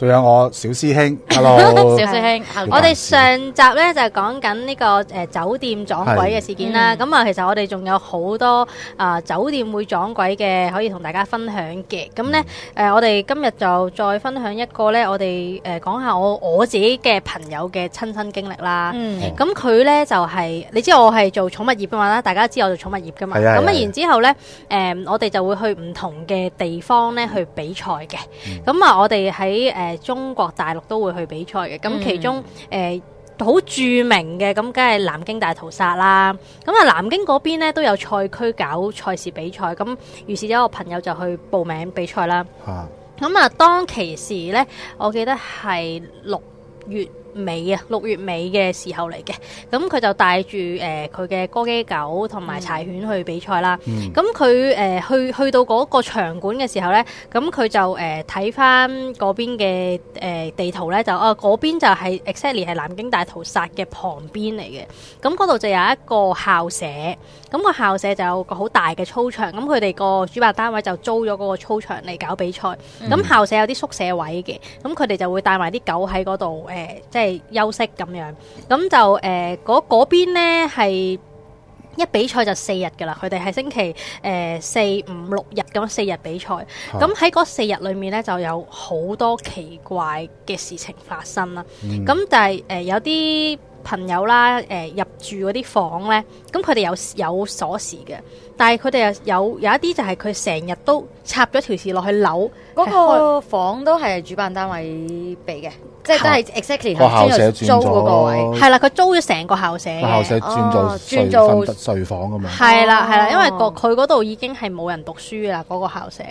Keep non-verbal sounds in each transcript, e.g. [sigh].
仲有我小師兄，Hello，小師兄，我哋上集咧就係講緊呢個誒酒店撞鬼嘅事件啦。咁啊，其實我哋仲有好多啊酒店會撞鬼嘅，可以同大家分享嘅。咁咧誒，我哋今日就再分享一個咧，我哋誒講下我我自己嘅朋友嘅親身經歷啦。咁佢咧就係你知我係做寵物業嘅嘛啦，大家知我做寵物業嘅嘛。咁啊，然之後咧誒，我哋就會去唔同嘅地方咧去比賽嘅。咁啊，我哋喺誒。中國大陸都會去比賽嘅，咁其中誒好、呃、著名嘅，咁梗係南京大屠殺啦。咁啊，南京嗰邊咧都有賽區搞賽事比賽，咁於是咧有我朋友就去報名比賽啦。咁啊，當其時咧，我記得係六月。尾啊，六月尾嘅時候嚟嘅，咁佢就帶住誒佢嘅哥基狗同埋柴犬去比賽啦。咁佢誒去去到嗰個場館嘅時候咧，咁佢就誒睇翻嗰邊嘅誒、呃、地圖咧，就哦嗰、呃、邊就係 exactly 係南京大屠殺嘅旁邊嚟嘅。咁嗰度就有一個校舍，咁個校舍就有個好大嘅操場，咁佢哋個主辦單位就租咗嗰個操場嚟搞比賽，咁、嗯、校舍有啲宿舍位嘅，咁佢哋就會帶埋啲狗喺嗰度誒。即係休息咁樣，咁就誒，嗰嗰邊呢係一比賽就四日噶啦，佢哋係星期誒四五六日咁四日比賽，咁喺嗰四日裏面呢就有好多奇怪嘅事情發生啦。咁但係誒有啲朋友啦，誒入住嗰啲房呢，咁佢哋有有鎖匙嘅。但係佢哋有有一啲就係佢成日都插咗條線落去樓，嗰個房都係主辦單位俾嘅，啊、即係都係 exactly 校舍、啊、租嗰個位，係啦，佢租咗成個校舍嘅，校舍轉做睡、啊、睡、睡、睡房咁樣，係啦係啦，因為個佢嗰度已經係冇人讀書啦，嗰、嗰個校舍，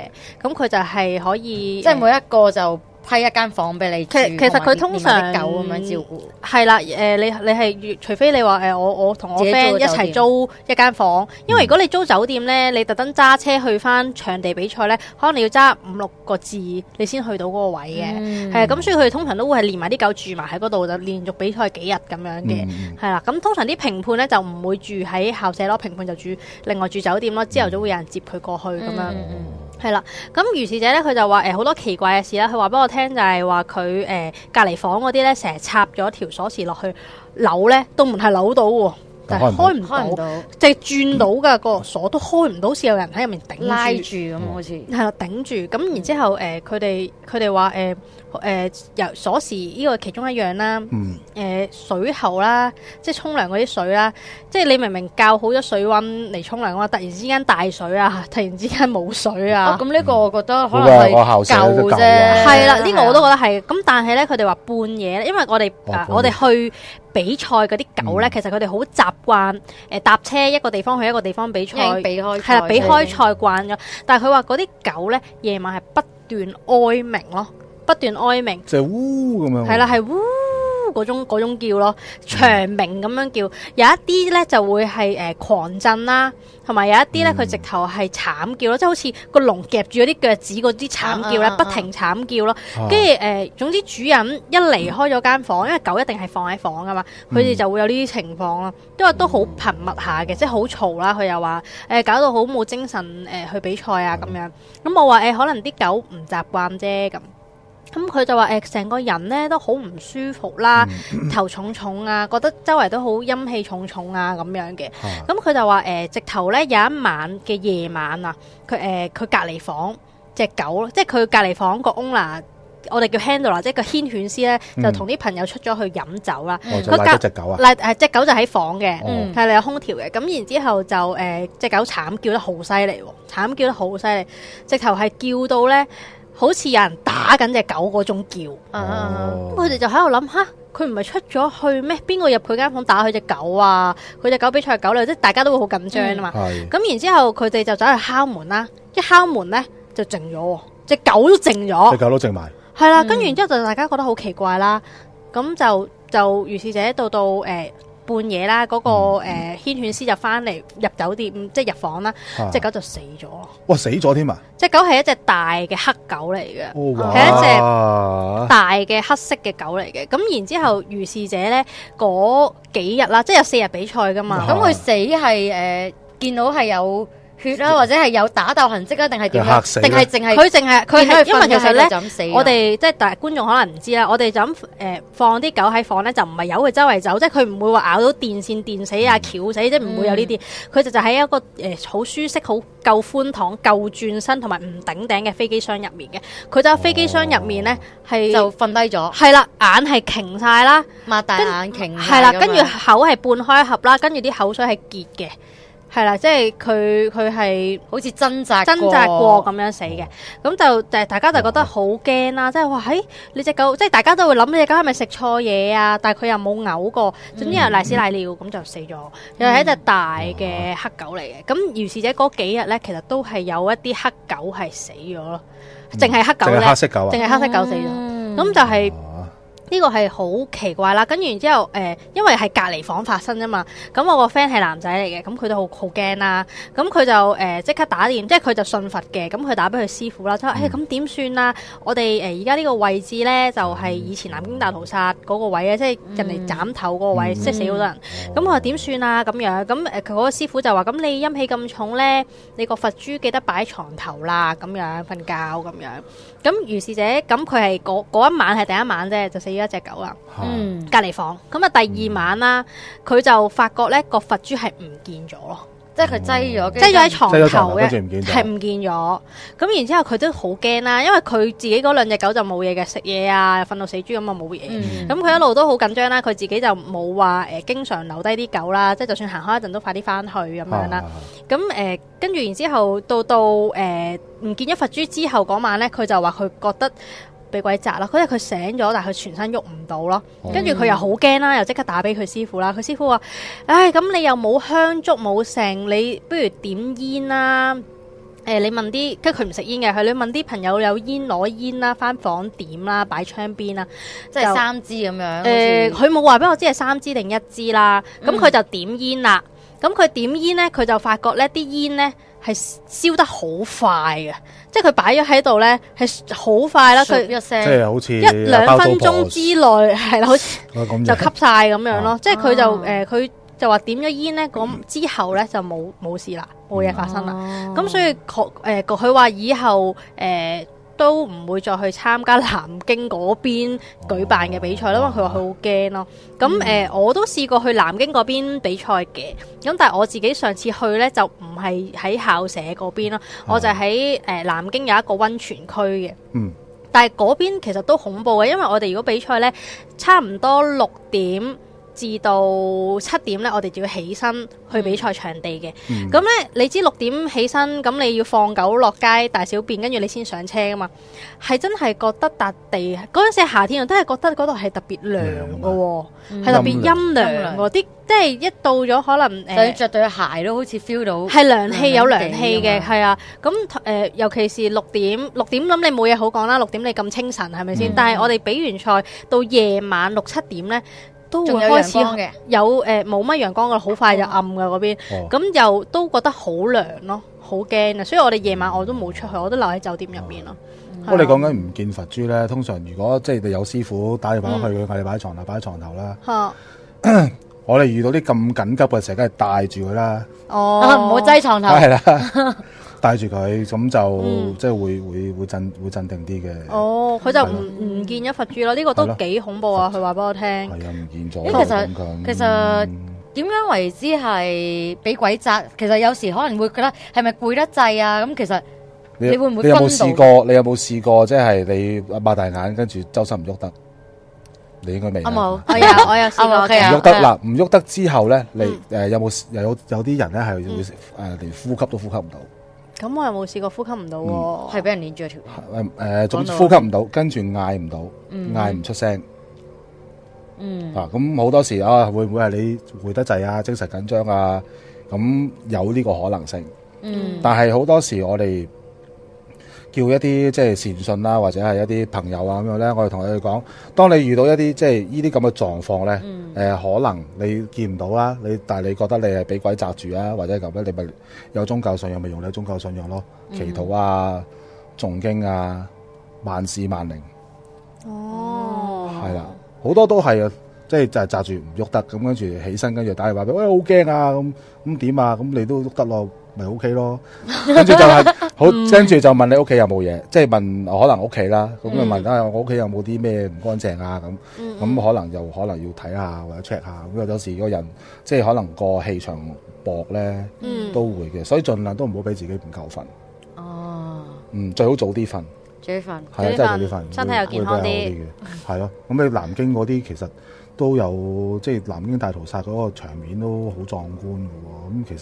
咁佢就係可以，嗯、即係每一個就。批一間房俾你住其、其實其實佢通常連狗咁樣照顧，係、嗯、啦，誒、呃，你你係除非你話誒、呃，我我同我 friend 一齊租一間房，因為如果你租酒店咧，嗯、你特登揸車去翻場地比賽咧，可能你要揸五六個字，你先去到嗰個位嘅，係啊、嗯，咁所以佢哋通常都會係連埋啲狗住埋喺嗰度，就連續比賽幾日咁樣嘅，係啦、嗯，咁通常啲評判咧就唔會住喺校舍咯，評判就住另外住酒店咯，朝頭早會有人接佢過去咁樣。嗯係啦，咁於、嗯、是者咧，佢就話誒好多奇怪嘅事啦。佢話俾我聽就係話佢誒隔離房嗰啲咧，成日插咗條鎖匙落去扭咧，都唔係扭到喎，但、就、係、是、開唔開唔到，即係轉到噶、嗯、個鎖都開唔到，似有人喺入面頂拉住咁，好似係頂住。咁然之後誒，佢哋佢哋話誒。誒、呃，由鎖匙呢個其中一樣啦。誒、嗯呃，水喉啦，即係沖涼嗰啲水啦。即係你明明校好咗水溫嚟沖涼嘅話，突然之間大水啊，突然之間冇水啊。咁呢、哦嗯嗯、個我覺得可能係舊啫，係啦，呢、這個我都覺得係。咁但係咧，佢哋話半夜，因為我哋、哦啊、我哋去比賽嗰啲狗咧，嗯、其實佢哋好習慣誒、呃、搭車一個地方去一個地方比賽，係啦，比開賽慣咗。但係佢話嗰啲狗咧，夜晚係不斷哀鳴咯。不斷哀鳴，就喎咁樣，係啦，係喎嗰種叫咯，長鳴咁樣叫。有一啲咧就會係誒狂震啦，同埋有一啲咧佢直頭係慘叫咯，即係、嗯、好似個籠夾住嗰啲腳趾嗰啲慘叫咧，不停慘叫咯。跟住誒，總之主人一離開咗間房，嗯嗯因為狗一定係放喺房噶嘛，佢哋、嗯、就會有呢啲情況咯。因為都好頻密下嘅，嗯、即係好嘈啦。佢又話誒搞到好冇精神誒去比賽啊咁樣咁。我話誒可能啲狗唔習慣啫咁。嗯咁佢就話誒，成個人咧都好唔舒服啦，嗯、頭重重啊，覺得周圍都好陰氣重重啊咁樣嘅。咁佢就話誒、呃，直頭咧有一晚嘅夜晚啊，佢誒佢隔籬房隻狗，即係佢隔籬房個 owner 我哋叫 handle 啊，即係個牽犬師咧，就同啲朋友出咗去飲酒啦。佢隔、嗯格哦、隻狗啊，隻狗就喺房嘅，係你有空調嘅。咁然之後就誒，隻、呃、狗慘叫得好犀利，慘、啊、叫得好犀利，直頭係叫到咧。好似有人打緊隻狗嗰種叫，咁佢哋就喺度諗吓，佢唔係出咗去咩？邊個入佢間房打佢隻狗啊？佢隻狗比賽狗咧，即係大家都會好緊張啊嘛。咁、嗯、然之後佢哋就走去敲門啦，一敲門呢，就靜咗，隻狗都靜咗，隻狗都靜埋，係啦。跟住然之後就大家覺得好奇怪啦，咁、嗯、就就如是者到到誒。呃半夜啦，嗰、那個誒、呃、牽犬師就翻嚟入酒店，即係入房啦，隻、啊、狗就死咗、哦。哇！死咗添啊！隻狗係一隻大嘅黑狗嚟嘅，係一隻大嘅黑色嘅狗嚟嘅。咁然之後，後，如是者咧嗰幾日啦，即係有四日比賽㗎嘛。咁佢、啊、死係誒、呃、見到係有。啦，或者係有打鬥痕跡啦，定係點，定係淨係佢淨係佢係，因為其實咧，我哋即係大觀眾可能唔知啦。我哋就咁誒放啲狗喺房咧，就唔係由佢周圍走，即係佢唔會話咬到電線電死啊、翹、嗯、死，即唔會有呢啲。佢就就喺一個誒好、呃、舒適、好夠寬敞、夠轉身同埋唔頂頂嘅飛機箱入面嘅。佢就喺飛機箱入面咧，係、哦、係就瞓低咗。係啦，眼係擎晒啦，擘大眼擎。係啦，跟住口係半開合啦，跟住啲口水係結嘅。係啦，即係佢佢係好似掙扎掙扎過咁樣死嘅，咁就誒大家就覺得好驚啦。即係話誒你隻狗，即係大家都會諗，你隻狗係咪食錯嘢啊？但係佢又冇嘔過，總之又瀨屎瀨尿咁、嗯、就死咗。嗯、又係一隻大嘅黑狗嚟嘅，咁如是者嗰幾日咧，其實都係有一啲黑狗係死咗咯，淨係、嗯、黑狗咧，淨係黑、啊嗯、黑色狗死咗，咁就係、是。呢個係好奇怪啦，跟住然之後，誒、呃，因為係隔離房發生啫嘛，咁我個 friend 係男仔嚟嘅，咁佢都好好驚啦，咁佢就誒即、呃、刻打電，即係佢就信佛嘅，咁佢打俾佢師傅啦，即係，嘿、嗯，咁點算啊？我哋誒而家呢個位置呢，就係、是、以前南京大屠殺嗰個位啊，即係人哋斬頭嗰個位，嗯、即係、嗯、死好多人，咁、嗯、我話點算啊？咁樣，咁誒，佢嗰個師傅就話，咁你陰氣咁重呢？你個佛珠記得擺喺床頭啦，咁樣瞓覺咁樣，咁於是者，咁佢係嗰一晚係第一晚啫，就死。一隻狗啊，嗯，隔籬房咁啊。第二晚啦，佢就發覺咧個佛珠係唔見咗咯，即係佢擠咗，擠咗喺床頭嘅，係唔見咗。咁然之後佢都好驚啦，因為佢自己嗰兩隻狗就冇嘢嘅，食嘢啊，瞓到死豬咁啊冇嘢。咁佢一路都好緊張啦，佢自己就冇話誒，經常留低啲狗啦，即係就算行開一陣都快啲翻去咁樣啦。咁誒，跟住然之後到到誒唔見咗佛珠之後嗰晚咧，佢就話佢覺得。俾鬼砸啦！佢因為佢醒咗，但係佢全身喐唔到咯。跟住佢又好驚啦，又即刻打俾佢師傅啦。佢師傅話：唉，咁你又冇香燭冇剩，你不如點煙啦。誒、呃，你問啲，跟住佢唔食煙嘅，佢你問啲朋友有煙攞煙啦，翻房點啦，擺窗邊啦，即係三支咁樣。誒就，佢冇話俾我知係三支定一支啦。咁佢、嗯、就點煙啦。咁佢點煙咧，佢就發覺咧啲煙咧。係燒得好快嘅，即係佢擺咗喺度咧，係好快啦。佢一聲，即係好似一兩分鐘之內，係啦，好似，就吸晒咁樣咯。啊、即係佢就誒，佢、啊呃、就話點咗煙咧，咁之後咧就冇冇事啦，冇嘢發生啦。咁、嗯啊、所以佢誒，佢、呃、話以後誒。呃都唔會再去參加南京嗰邊舉辦嘅比賽啦，因為佢話佢好驚咯。咁誒、嗯呃，我都試過去南京嗰邊比賽嘅，咁但係我自己上次去呢，就唔係喺校舍嗰邊咯，我就喺誒、呃、南京有一個温泉區嘅。嗯，但係嗰邊其實都恐怖嘅，因為我哋如果比賽呢，差唔多六點。至到七點咧，我哋就要起身去比賽場地嘅。咁咧，你知六點起身，咁你要放狗落街大小便，跟住你先上車噶嘛。係真係覺得搭地嗰陣時係夏天，都係覺得嗰度係特別涼嘅，係特別陰涼涼嘅。啲即係一到咗可能誒，著對鞋都好似 feel 到係涼氣有涼氣嘅，係啊。咁誒，尤其是六點六點，咁你冇嘢好講啦。六點你咁清晨係咪先？但係我哋比完賽到夜晚六七點咧。都會開始有誒，冇乜陽光噶好快就暗噶嗰邊，咁又都覺得好涼咯，好驚啊！所以我哋夜晚我都冇出去，我都留喺酒店入面咯。不過你講緊唔見佛珠咧，通常如果即係你有師傅打電話，去我哋擺喺床頭，擺喺床頭啦。哦，我哋遇到啲咁緊急嘅時候，梗係帶住佢啦。哦，唔好擠床頭。係啦。戴住佢咁就即係會會會鎮會鎮定啲嘅。哦，佢就唔唔見咗佛珠咯，呢個都幾恐怖啊！佢話俾我聽。係啊，唔見咗都咁講。其實點樣為之係俾鬼扎？其實有時可能會覺得係咪攰得滯啊？咁其實你會唔會？你有冇試過？你有冇試過？即係你擘大眼，跟住周身唔喐得，你應該未。我冇。我有，我有試過。唔喐得嗱，唔喐得之後咧，你誒有冇又有有啲人咧係會誒連呼吸都呼吸唔到？咁我有冇試過呼吸唔到，係俾、嗯、人捏住條頸，誒、呃，總之呼吸唔到，跟住嗌唔到，嗌唔、嗯、出聲。嗯啊，啊，咁好多時啊，會唔會係你攰得滯啊，精神緊張啊？咁有呢個可能性。嗯，但係好多時我哋。叫一啲即係善信啦，啊，或者係一啲朋友啊咁樣咧，我哋同佢哋講，當你遇到一啲即係呢啲咁嘅狀況咧，誒，嗯呃，可能你見唔到啦，啊，你但係你覺得你係俾鬼擸住啊，或者咁咧，你咪有宗教信仰咪用你宗教信仰咯，祈禱啊，誦經啊，萬事萬靈。哦噢，係啦，好多都係啊，即係就係擸住唔喐得，咁跟住起身，跟住打電話俾，喂，好，哎，驚啊，咁咁點啊，咁你都喐得咯。咪 OK 咯，跟住 [laughs] [laughs] 就係好，跟住 [laughs] 就問你屋企有冇嘢，即係問可能屋企啦，咁就問啊，我屋企有冇啲咩唔乾淨啊咁，咁可能又可能要睇下或者 check 下，咁有時個人即係可能個氣場薄咧，都會嘅，所以盡量都唔好俾自己唔夠瞓。哦，嗯，最好早啲瞓，早啲瞓，係啊，真係早啲瞓，身體又健康啲嘅，係咯、啊。咁你南京嗰啲其實。嗯 [laughs] 都有即係南京大屠殺嗰個場面都好壯觀嘅喎，咁其實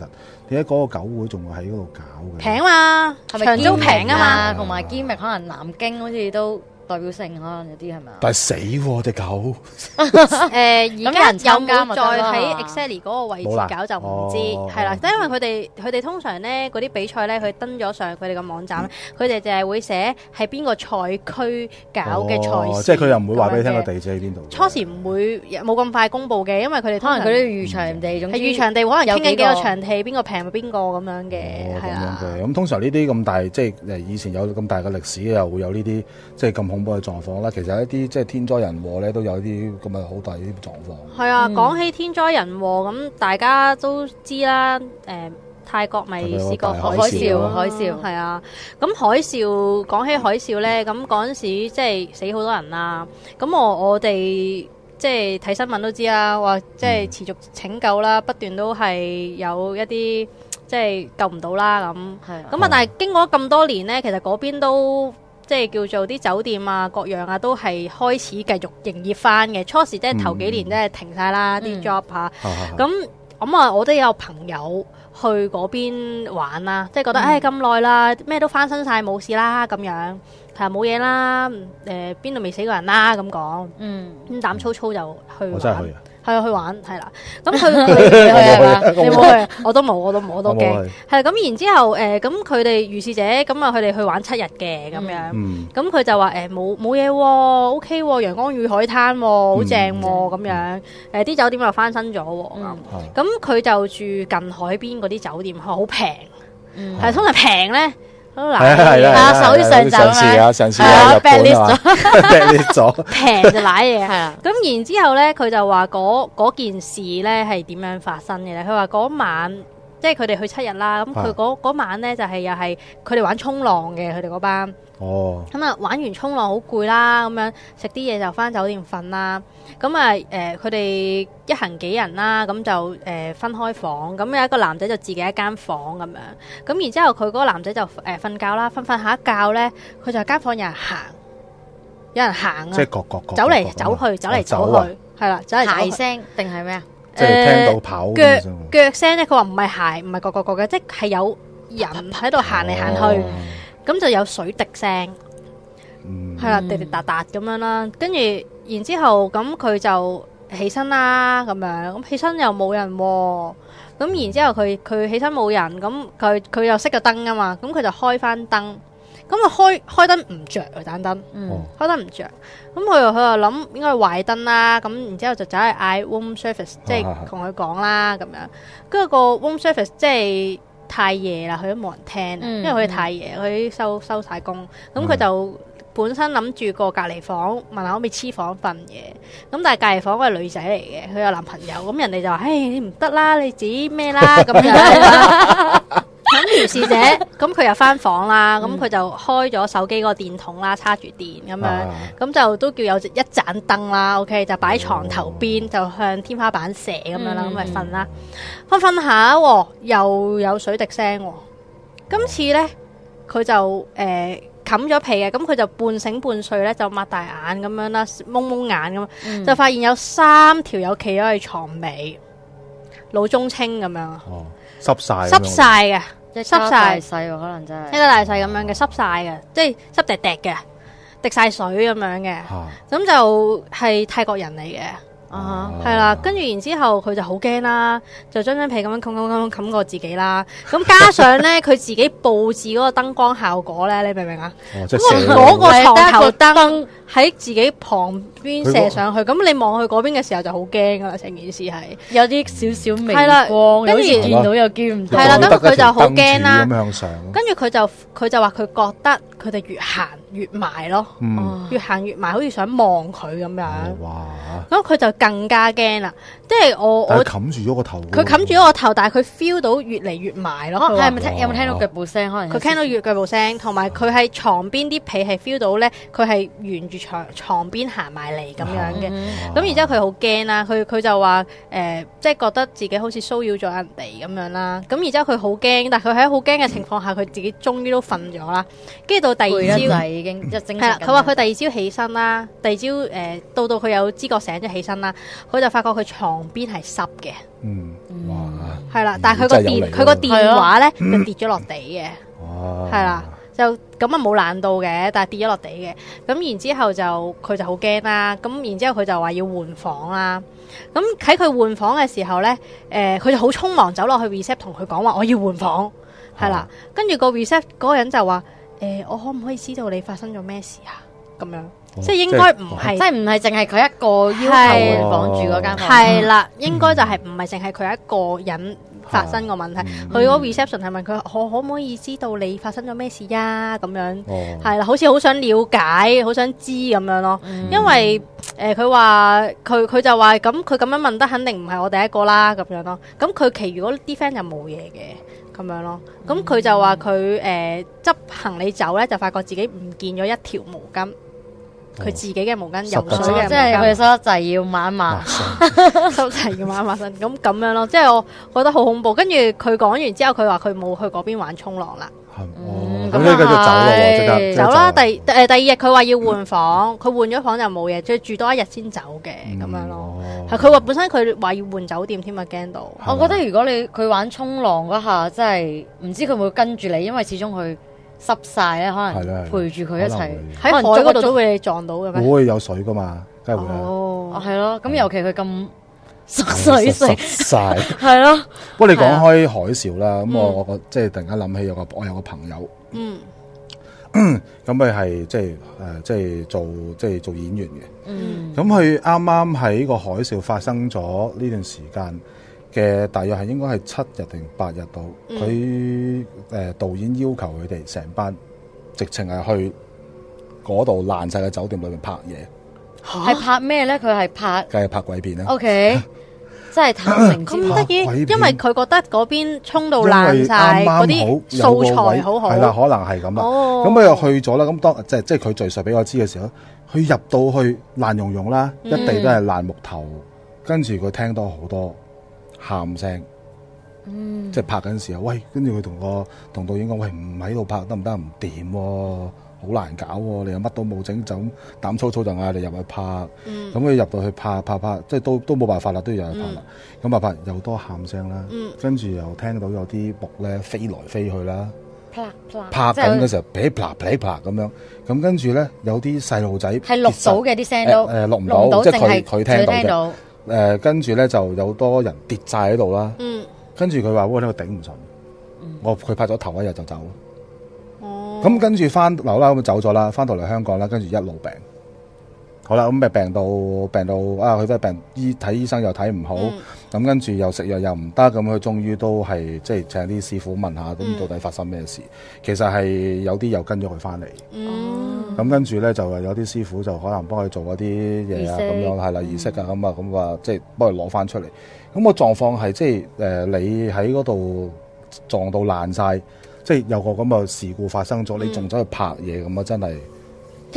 點解嗰個九會仲會喺嗰度搞嘅？平嘛、啊，咪、啊？場租平對啊嘛，同埋兼 e 可能南京好似都。代表性咯，有啲係咪？但係死喎，隻狗。誒，而家有冇再喺 Excel 嗰個位置搞就唔知，係啦。因為佢哋佢哋通常咧嗰啲比賽咧，佢登咗上佢哋嘅網站，佢哋就係會寫係邊個賽區搞嘅賽事。即係佢又唔會話俾你聽個地址喺邊度。初時唔會冇咁快公佈嘅，因為佢哋可能佢啲預場地總之預場地可能有傾緊幾個場地，邊個平邊個咁樣嘅係啊。咁通常呢啲咁大，即係以前有咁大嘅歷史，又會有呢啲即係咁好。恐怖嘅狀況啦，其實一啲即係天災人禍咧，都有啲咁嘅好大啲狀況。係啊，講起天災人禍咁，大家都知啦。誒，泰國咪試過海海、嗯、海嘯係啊、嗯、啊。咁、嗯、海嘯講起海嘯咧，咁嗰陣時即係死好多人啦。咁我我哋即係睇新聞都知啦，話即係持續拯救啦，不斷都係有一啲即係救唔到啦。咁係咁啊，但係經過咗咁多年咧，其實嗰邊都，即係叫做啲酒店啊，各樣啊，都係開始繼續營業翻嘅。初時即係頭幾年即係停晒啦啲 job 嚇。咁咁啊，那嗯、我都有朋友去嗰邊玩啦，即係覺得誒咁耐啦，咩、嗯哎、都翻身晒，冇事啦咁樣，其實冇嘢啦。誒邊度未死過人啦咁講，嗯，膽粗粗就去玩。係去玩，係啦。咁佢佢去啊嘛？你冇去？我都冇，我都冇，我都驚。係咁，然之後誒，咁佢哋如是者咁啊，佢哋去玩七日嘅咁樣。咁佢、嗯嗯、就話誒冇冇嘢喎，O K 喎，陽光與海灘好正喎咁樣。誒、呃、啲酒店又翻新咗喎咁。佢、嗯、就住近海邊嗰啲酒店，好平。係、嗯、通常平咧。都 [music] 啊，嘅，啊手上就啊，上次又跌咗，跌咗平就瀨嘢，係啦。咁然之後咧，佢就話嗰嗰件事咧係點樣發生嘅咧？佢話嗰晚。即係佢哋去七日啦，咁佢嗰嗰晚咧，就係又係佢哋玩衝浪嘅，佢哋嗰班。哦。咁啊，玩完衝浪好攰啦，咁樣食啲嘢，就返酒店瞓啦。咁啊，誒，佢哋一行幾人啦，咁就誒分開房。咁有一個男仔就自己一間房咁樣。咁然之後佢嗰個男仔就誒瞓覺啦，瞓瞓下一覺咧，佢就間房有人行，有人行啊。即係各各各。走嚟走去，走嚟走去，係啦，走嚟大聲定係咩啊？即係聽到跑腳腳聲咧，佢話唔係鞋，唔係個個個嘅，即係有人喺度行嚟行去，咁、哦、就有水滴聲，係啦、嗯，滴滴答答咁樣啦。跟住，然之後咁佢就起身啦，咁樣咁起身又冇人喎、哦、人，咁然之後佢佢起身冇人，咁佢佢又熄個燈啊嘛，咁佢就開翻燈。咁啊，開開燈唔着啊，盞燈，開燈唔着。咁佢佢又諗應該壞燈啦。咁然之後就走去嗌 room service，即係同佢講啦咁樣。跟住個 room service 即係太夜啦，佢都冇人聽，嗯、因為佢太夜，佢收收晒工。咁、嗯、佢、嗯、就本身諗住個隔籬房問下可唔可以黐房瞓嘅。咁但係隔籬房係女仔嚟嘅，佢有男朋友。咁人哋就話：唉、哎，你唔得啦，你指咩啦？咁樣。 [laughs] [laughs] 咁如是者，咁佢又翻房啦，咁佢就開咗手機個電筒啦，叉住電咁樣，咁就都叫有一盞燈啦。OK，就擺床頭邊，就向天花板射咁樣啦，咁咪瞓啦。瞓瞓下又有水滴聲，今次呢，佢就誒冚咗被嘅，咁佢就半醒半睡呢，就擘大眼咁樣啦，矇矇眼咁、嗯、就發現有三條友企咗喺床尾，老中青咁樣，濕晒濕晒嘅。濕晒，一個大細咁樣嘅，濕晒嘅，即係濕滴滴嘅，滴晒水咁樣嘅，咁、啊、就係泰國人嚟嘅。Uh、huh，啊，係啦，跟住然之後佢就好驚啦，就張張被咁樣冚冚冚冚過自己啦。咁加上咧，佢 [laughs] 自己布置嗰個燈光效果咧，你明唔明啊？即係成個床頭燈喺自己旁邊射上去。咁不你望去嗰邊嘅時候就好驚噶啦，成件事係有啲少少微光，跟住見到又見唔到。係啦、嗯，咁佢的就好驚啦。咁跟住佢就佢就話佢覺得佢哋越行。 [laughs] 越埋咯，越行越埋，好似想望佢咁樣。哇！咁佢就更加驚啦，即係我我冚住咗個頭。佢冚住咗個頭，但係佢 feel 到越嚟越埋咯。可能佢係咪聽有冇聽到腳步聲？可能佢聽到越腳步聲，同埋佢喺床邊啲被係 feel 到咧，佢係沿住床床邊行埋嚟咁樣嘅。咁然之後佢好驚啦，佢佢就話誒，即係覺得自己好似騷擾咗人哋咁樣啦。咁然之後佢好驚，但係佢喺好驚嘅情況下，佢自己終於都瞓咗啦。跟住到第二朝。已經係啦！佢話佢第二朝起身啦，第二朝誒、呃、到到佢有知覺醒咗起身啦，佢就發覺佢床邊係濕嘅，嗯，哇，係啦，但係佢個電佢個電話咧就跌咗落地嘅，哇，係啦，就咁啊冇爛到嘅，但係跌咗落地嘅，咁然之後就佢就好驚啦，咁然之後佢就話要換房啦，咁喺佢換房嘅時候咧，誒、呃，佢就好匆忙走落去 reception 同佢講話我要換房，係啦、嗯，跟住個 reception 嗰個人就話。誒、欸，我可唔可以知道你發生咗咩事啊？咁樣，即係應該唔係，即係唔係淨係佢一個要求綁住嗰間房。係啦，應該就係唔係淨係佢一個人發生個問題。佢個、啊嗯、reception 係問佢，我可唔可以知道你發生咗咩事啊？咁樣，係啦、哦，好似好想了解，好想知咁樣咯。嗯、因為誒，佢話佢佢就話咁，佢咁樣問得肯定唔係我第一個啦，咁樣咯。咁佢其餘嗰啲 friend 就冇嘢嘅。咁樣咯，咁佢就話佢誒執行李走咧，就發覺自己唔見咗一條毛巾。佢自己嘅毛巾游水嘅，即係佢收得滯要抹一抹，收得滯要抹一抹身。咁咁樣咯，即係我覺得好恐怖。跟住佢講完之後，佢話佢冇去嗰邊玩沖浪啦。咁啊，走啦！第誒第二日佢話要換房，佢換咗房就冇嘢，即係住多一日先走嘅咁樣咯。佢話本身佢話要換酒店添啊，驚到。我覺得如果你佢玩沖浪嗰下，真係唔知佢會唔會跟住你，因為始終佢。濕晒咧，可能陪住佢一齊喺海嗰度都會撞到嘅。我會有水噶嘛，梗係會有。哦、oh，係咯，咁尤其佢咁濕水性，濕晒係咯。不過 [laughs] 的的你講開海嘯啦，咁、嗯、我我即係突然間諗起有個我有，個，我有個朋友，嗯，咁佢係即係誒、呃、即係做即係做演員嘅，嗯，咁佢啱啱喺個海嘯發生咗呢段時間。嘅大約係應該係七日定八日到，佢誒導演要求佢哋成班直情係去嗰度爛晒嘅酒店裏面拍嘢，係拍咩咧？佢係拍，梗係拍鬼片啦。O K，真係坦誠之拍鬼片，因為佢覺得嗰邊沖到爛晒嗰啲素材好好。係啦，可能係咁啦。咁佢又去咗啦。咁當即係即係佢敘述俾我知嘅時候，佢入到去爛融融啦，一地都係爛木頭，跟住佢聽到好多。喊聲，嗯，即係拍緊時候，喂，跟住佢同個同導演講，喂，唔喺度拍，得唔得？唔掂，好難搞，你又乜都冇整，就咁膽粗粗就嗌你入去拍，咁佢入到去拍拍拍，即係都都冇辦法啦，都要入去拍啦，咁啊拍又多喊聲啦，跟住又聽到有啲木咧飛來飛去啦，拍拍拍緊嘅時候，劈啪劈啪咁樣，咁跟住咧有啲細路仔係錄到嘅啲聲都，誒錄唔到，即係佢佢聽到。誒、呃，跟住咧就有多人跌債喺度啦，跟住佢話喂，呢個頂唔順，我佢拍咗頭一日就走，咁跟住翻樓啦，咁就走咗啦，翻到嚟香港啦，跟住一路病，好啦，咁咪病到病到啊，佢都係病醫睇醫生又睇唔好，咁、嗯、跟住又食藥又唔得，咁佢終於都係即係請啲師傅問下，咁到底發生咩事？其實係有啲又跟咗佢翻嚟。嗯嗯。咁跟住咧就有啲師傅就可能幫佢做嗰啲嘢啊，咁樣係啦，儀式啊，咁啊，咁啊，即係幫佢攞翻出嚟。咁個狀況係即係誒、呃，你喺嗰度撞到爛晒，即係有個咁嘅事故發生咗，嗯、你仲走去拍嘢咁啊，真係～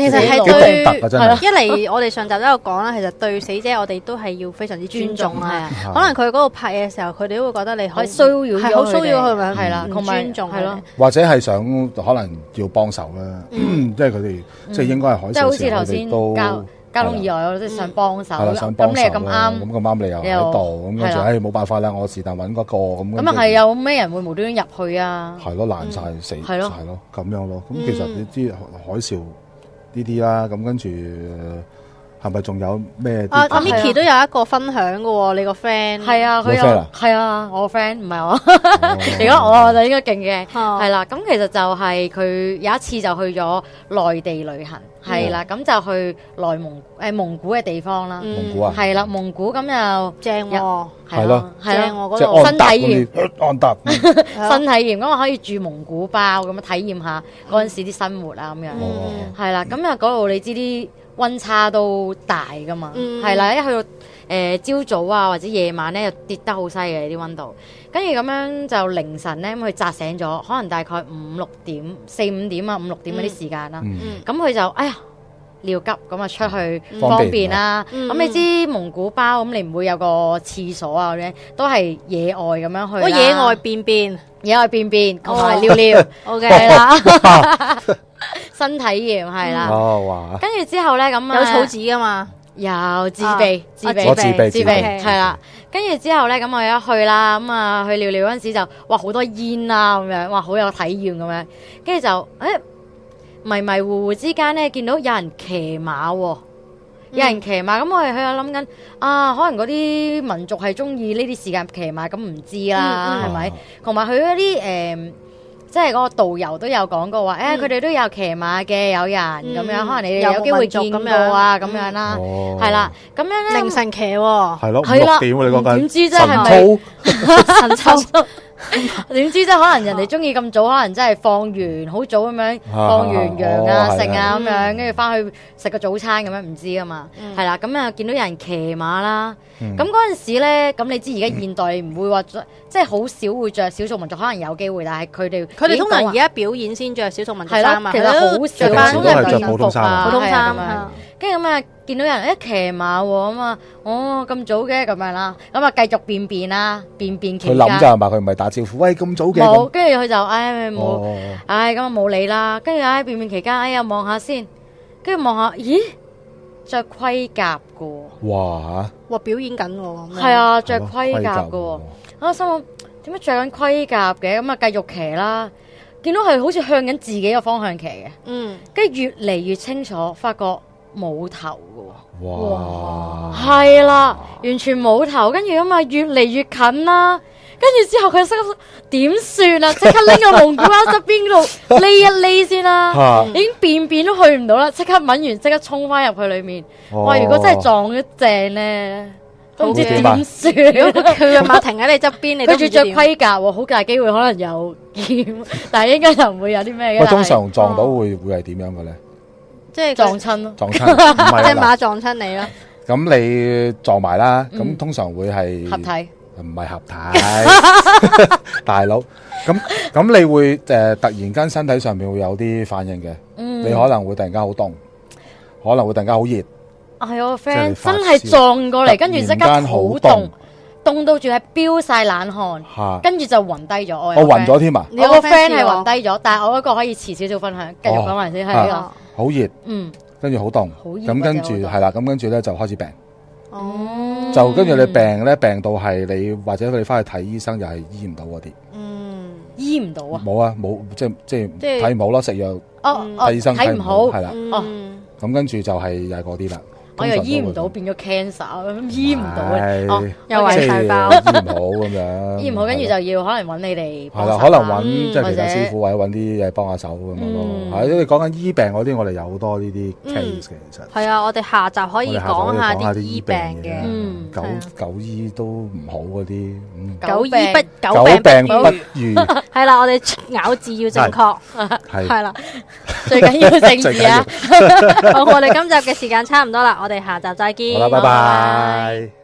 其實係對一嚟，我哋上集都有講啦。其實對死者，我哋都係要非常之尊重啊。可能佢嗰個拍嘢嘅時候，佢哋都會覺得你係騷擾咗佢哋，係啦，同埋尊重咯。或者係想可能要幫手啦，即係佢哋即係應該係海嘯。即係好似頭先交交通意外，即係想幫手。係咁你又咁啱，咁咁啱你又喺度，咁跟住唉冇辦法啦，我是但揾嗰個咁。咁啊係有咩人會無端端入去啊？係咯，爛晒，死係咯係咯咁樣咯。咁其實你知海嘯。呢啲啦，咁、啊、跟住。呃係咪仲有咩？阿 Miki 都有一個分享㗎喎，你個 friend 係啊，佢有。係啊，我 friend 唔係我，如果我就應該勁嘅，係啦。咁其實就係佢有一次就去咗內地旅行，係啦。咁就去內蒙誒蒙古嘅地方啦，蒙古啊，係啦，蒙古咁又正喎，係咯，正喎，我度新體驗，安達身體驗，咁我可以住蒙古包咁啊，體驗下嗰陣時啲生活啊咁樣，係啦。咁啊嗰度你知啲。溫差都大噶嘛，係、mm hmm. 啦，一去到誒朝、呃、早，早啊，或者夜晚咧又跌得好犀利啲溫度，跟住咁樣就凌晨咧佢扎醒咗，可能大概五六點、四五點啊、五六點嗰啲時間啦，咁佢、mm hmm. 就哎呀～尿急咁啊，出去方便啦。咁你知蒙古包咁，你唔會有個廁所啊？嗰啲都係野外咁樣去。哦，野外便便，野外便便同埋尿尿。O K 啦，新體驗係啦。哦哇！跟住之後咧，咁啊有草紙噶嘛？有自備自備自備自備係啦。跟住之後咧，咁我一去啦，咁啊去尿尿嗰陣時就哇好多煙啊，咁樣哇好有體驗咁樣。跟住就誒。迷迷糊糊之間咧，見到有人騎馬，有人騎馬。咁我哋佢又諗緊，啊，可能嗰啲民族係中意呢啲時間騎馬，咁唔知啦，係咪？同埋佢嗰啲誒，即係嗰個導遊都有講過話，誒，佢哋都有騎馬嘅，有人咁樣，可能你有機會見到啊，咁樣啦，係啦。咁樣咧，凌晨騎喎，係咯，六點你講緊，點知真係咪？點知即係可能人哋中意咁早，可能真係放完好早咁樣，放完羊啊、食啊咁樣，跟住翻去食個早餐咁樣，唔知啊嘛，係啦，咁啊見到有人騎馬啦，咁嗰陣時咧，咁你知而家現代唔會話即係好少會着少數民族可能有機會，但係佢哋佢哋通常而家表演先着少數民族衫啊，其實好少，通常都係着普通衫，普通衫。跟住咁啊，見到人誒騎馬喎，咁、嗯、啊，哦咁早嘅咁樣啦，咁啊繼續便便啦，便便期間。佢諗咋嘛？佢唔係打招呼。喂，咁早嘅。冇，跟住佢就唉，冇、哎，唉，咁啊冇理啦。跟住喺便便期間，哎呀望下先，跟住望下，咦，着盔甲嘅。哇哇表演緊喎，係啊，着、嗯啊、盔甲嘅喎。我心諗點解着緊盔甲嘅？咁啊繼續騎啦。見到係好似向緊自己嘅方向騎嘅，嗯，跟住越嚟越清楚，發覺。冇頭嘅喎，哇，係啦，完全冇頭，跟住咁啊，越嚟越近啦，跟住之後佢識點算啊？即刻拎個蒙古包側邊度匿一匿先啦，已經便便都去唔到啦，即刻揾完即刻衝翻入去裏面。哇、oh！如果真係撞得正咧，都唔知點算。佢嘅馬停喺你側邊，佢仲着盔甲，好大機會可能有劍，但係應該就唔會有啲咩。我通常撞到會會係點樣嘅咧？即係撞親咯，即馬撞親你啦。咁你撞埋啦，咁通常會係合體，唔係合體，大佬。咁咁你會誒突然間身體上面會有啲反應嘅，你可能會突然間好凍，可能會突然間好熱。係我 friend 真係撞過嚟，跟住即刻好凍，凍到住係飆晒冷汗，跟住就暈低咗。我暈咗添啊！你個 friend 係暈低咗，但係我嗰個可以遲少少分享，繼續講埋先。係啊。好熱，跟住好凍，咁跟住係啦，咁跟住咧就開始病，就跟住你病咧，病到係你或者佢哋翻去睇醫生又係醫唔到嗰啲，醫唔到啊，冇啊冇，即係即係睇唔好咯，食藥睇醫生睇唔好係啦，咁跟住就係又係嗰啲啦。我又醫唔到變咗 cancer，醫唔到啊！又遺棄包，醫唔好咁樣。醫唔好，跟住就要可能揾你哋幫手啦，或者。係啦，可能揾即係其他師傅或者揾啲嘢幫下手咁咯。係因為講緊醫病嗰啲，我哋有好多呢啲 case 嘅其實。係啊，我哋下集可以講下啲醫病嘅。嗯。久久醫都唔好嗰啲。久醫不久病不愈。係啦，我哋咬字要正確。係啦，最緊要正字啊！好，我哋今集嘅時間差唔多啦，我。我哋下集再見好啦，拜拜。拜拜。